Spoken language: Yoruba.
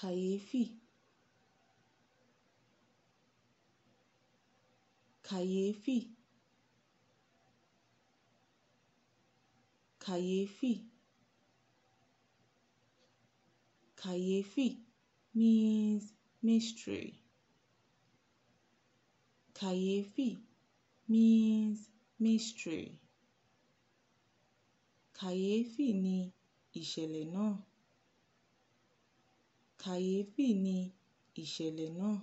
kàyééfì kàyééfì kàyééfì kàyééfì means mystery kàyééfì means mystery kàyééfì ni ìṣẹ̀lẹ̀ náà kàyééfì ni ìṣẹ̀lẹ̀ náà